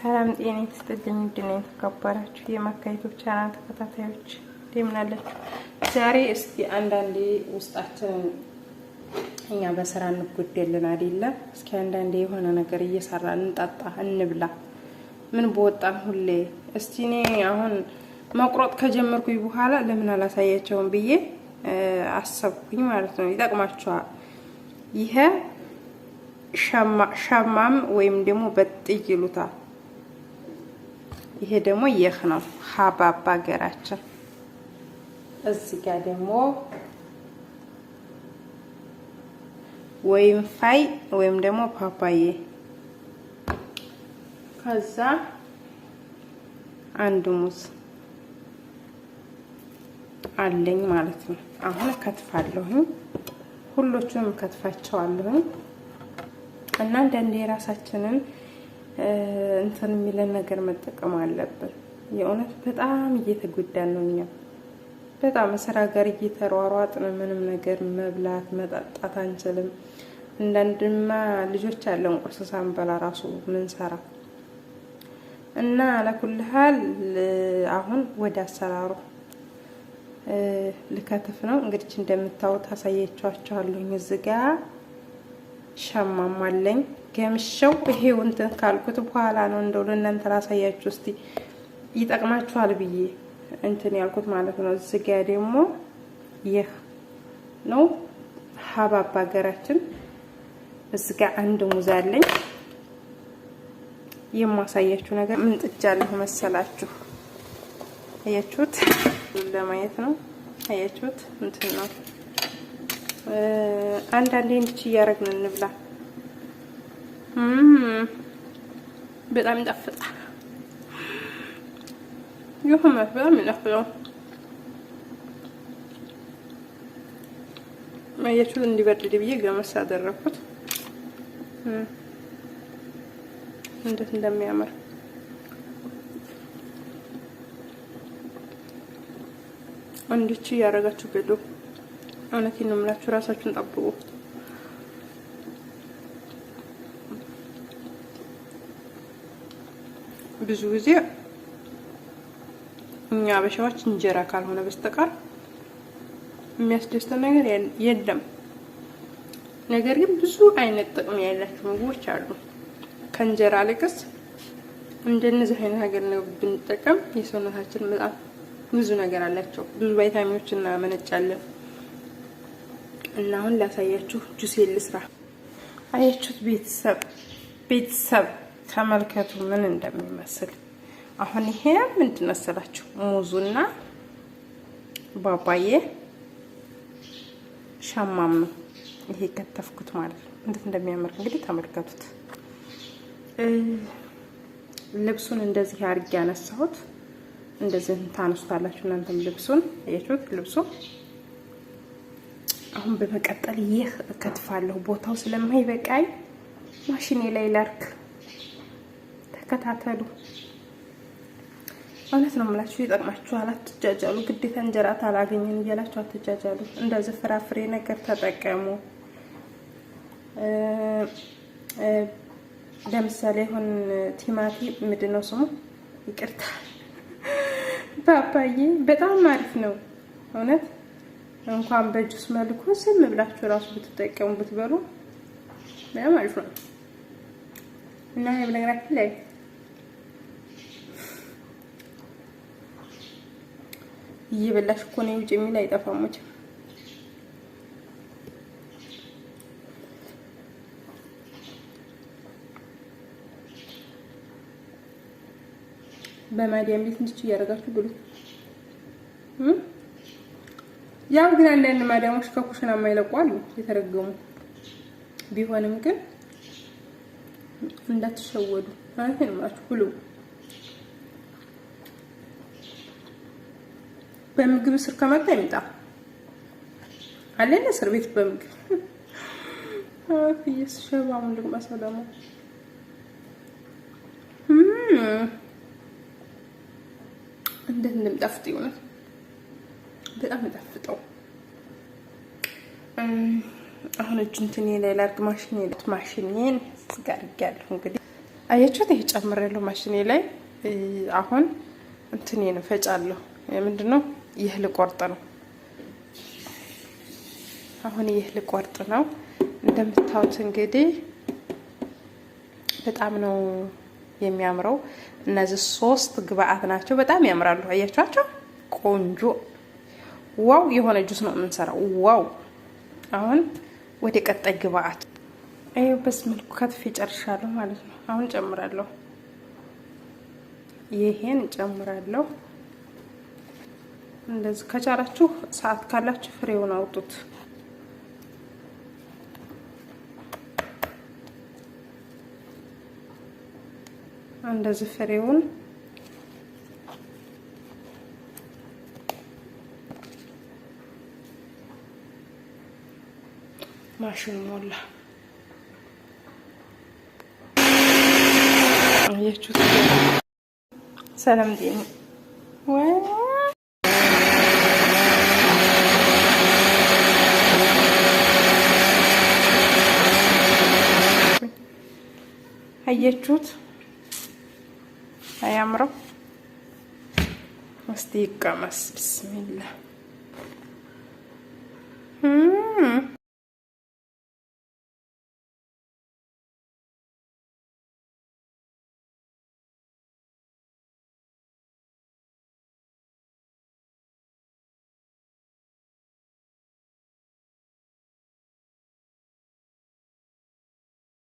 ሰላም ጤና ይስጥልኝ። ውድና የተከበራችሁ የማካሄቶች ቻናል ተከታታዮች እንደምን አላችሁ? ዛሬ እስኪ አንዳንዴ ውስጣችንን እኛ በስራ እንጎደልን አይደለ? እስኪ አንዳንዴ የሆነ ነገር እየሰራ እንጠጣ፣ እንብላ፣ ምን በወጣን ሁሌ። እስቲ እኔ አሁን መቁረጥ ከጀመርኩኝ በኋላ ለምን አላሳያቸውም ብዬ አሰብኩኝ ማለት ነው። ይጠቅማችኋል ይሄ ሸማም ወይም ደግሞ በጥይ ይሉታል ይሄ ደግሞ የህ ነው ሀባብ ሀገራችን። እዚህ ጋር ደግሞ ወይም ፋይ ወይም ደግሞ ፓፓዬ ከዛ አንድ ሙዝ አለኝ ማለት ነው። አሁን እከትፋለሁኝ፣ ሁሎቹንም እከትፋቸዋለሁኝ እና እንደ የራሳችንን እንትን የሚለን ነገር መጠቀም አለብን። የእውነት በጣም እየተጎዳን ነው እኛ በጣም ስራ ጋር እየተሯሯጥን ምንም ነገር መብላት መጠጣት አንችልም። አንዳንድማ ልጆች አለን ቁርስ ሳንበላ ራሱ ሰራ እና አለኩልሃል። አሁን ወደ አሰራሩ ልከትፍ ነው እንግዲህ እንደምታዩት አሳያችኋቸዋለሁኝ እዚህ ጋር ሸማም ገምሸው ይሄው እንትን ካልኩት በኋላ ነው እንደው ለእናንተ ላሳያችሁ እስቲ ይጠቅማችኋል ብዬ እንትን ያልኩት ማለት ነው። እዚህ ደግሞ ይህ ነው ሀባብ ሀገራችን። እዚህ አንድ ሙዝ አለኝ የማሳያችሁ ነገር ምንጥጃለሁ መሰላችሁ። አያችሁት? ለማየት ነው። አያችሁት? እንትን ነው አንዳንዴ እንድች እያደረግን እንብላ። በጣም ይጣፍጣል። ይሁመ በጣም ይጣፍጣል። አያችሁት? እንዲበርድ ብዬ ገመስ አደረኩት። እንዴት እንደሚያምር እንድች እያደረጋችሁ ብሉ። እውነቴን ነው የምላችሁ። ራሳችሁን ጠብቁ። ብዙ ጊዜ እኛ አበሻዎች እንጀራ ካልሆነ በስተቀር የሚያስደስተን ነገር የለም። ነገር ግን ብዙ አይነት ጥቅም ያላቸው ምግቦች አሉ። ከእንጀራ ልቅስ እንደነዚህ አይነት ሀገር ብንጠቀም የሰውነታችን በጣም ብዙ ነገር አላቸው። ብዙ ቫይታሚኖች እናመነጫለን። እና አሁን ላሳያችሁ ጁስ ልስራ። አያችሁት? ቤተሰብ ቤተሰብ ተመልከቱ ምን እንደሚመስል። አሁን ይሄ ምንድን መሰላችሁ? ሙዙና ባባዬ ሻማም ነው ይሄ ከተፍኩት ማለት ነው። እንዴት እንደሚያምር እንግዲህ ተመልከቱት። ልብሱን እንደዚህ አድርጌ ያነሳሁት። እንደዚህ ታነሱታላችሁ እናንተም ልብሱን አያችሁት? ልብሱ አሁን በመቀጠል ይህ እከትፋለሁ። ቦታው ስለማይበቃኝ ማሽኔ ላይ ላርክ። ተከታተሉ። እውነት ነው የምላችሁ፣ ይጠቅማችኋል። አትጃጃሉ። ግዴታ እንጀራ ታላገኝን እያላችሁ አትጃጃሉ። እንደዚህ ፍራፍሬ ነገር ተጠቀሙ። ለምሳሌ አሁን ቲማቲም ምንድን ነው ስሙ? ይቅርታ፣ ፓፓዬ በጣም አሪፍ ነው እውነት እንኳን በጁስ መልኩ ዝም ብላችሁ እራሱ ብትጠቀሙ ብትበሉ በጣም አሪፍ ነው እና ይሄ በነገራችን ላይ እየበላሽ እኮ ነው ውጭ የሚል አይጠፋም። በማዲያም ቤት እንጂ እያደረጋችሁ ብሉ። ያው ግን አንዳንድ ማዳሞች ከኩሽና የማይለቁ አሉ የተረገሙ። ቢሆንም ግን እንዳትሸወዱ ማለት ነው ማለት ሁሉ በምግብ ስር ከመጣ ይምጣ አለና እስር ቤት በምግብ አፍየስ ሸባሙ ልቅመስ ደግሞ እንዴት እንደምጣፍጥ ይሆናል። በጣም መጣፍጠው። አሁን እጅ እንትን ላይ ላርግ ማሽን ላት ማሽኔን ጋር እንግዲህ አያችሁት፣ ይሄ ጨምሬያለሁ ማሽኔ ላይ አሁን ነው ፈጫለሁ። ምንድን ነው ይህ ልቆርጥ ነው። አሁን ይህ ልቆርጥ ነው። እንደምታዩት እንግዲህ በጣም ነው የሚያምረው። እነዚህ ሶስት ግብአት ናቸው። በጣም ያምራሉ። አያችኋቸው ቆንጆ ዋው የሆነ ጁስ ነው የምንሰራው። ዋው አሁን ወደ ቀጣይ ግብአት ይህ በዚህ መልኩ ከትፌ ጨርሻለሁ ማለት ነው። አሁን ጨምራለሁ፣ ይሄን ጨምራለሁ። እንደዚህ ከቻላችሁ ሰዓት ካላችሁ ፍሬውን አውጡት። እንደዚህ ፍሬውን ማሽን ሞላ። አያችሁት? ሰላም ዴኒ አያችሁት? አያምረው? እስቲ ይቀመስ። ብስሚላ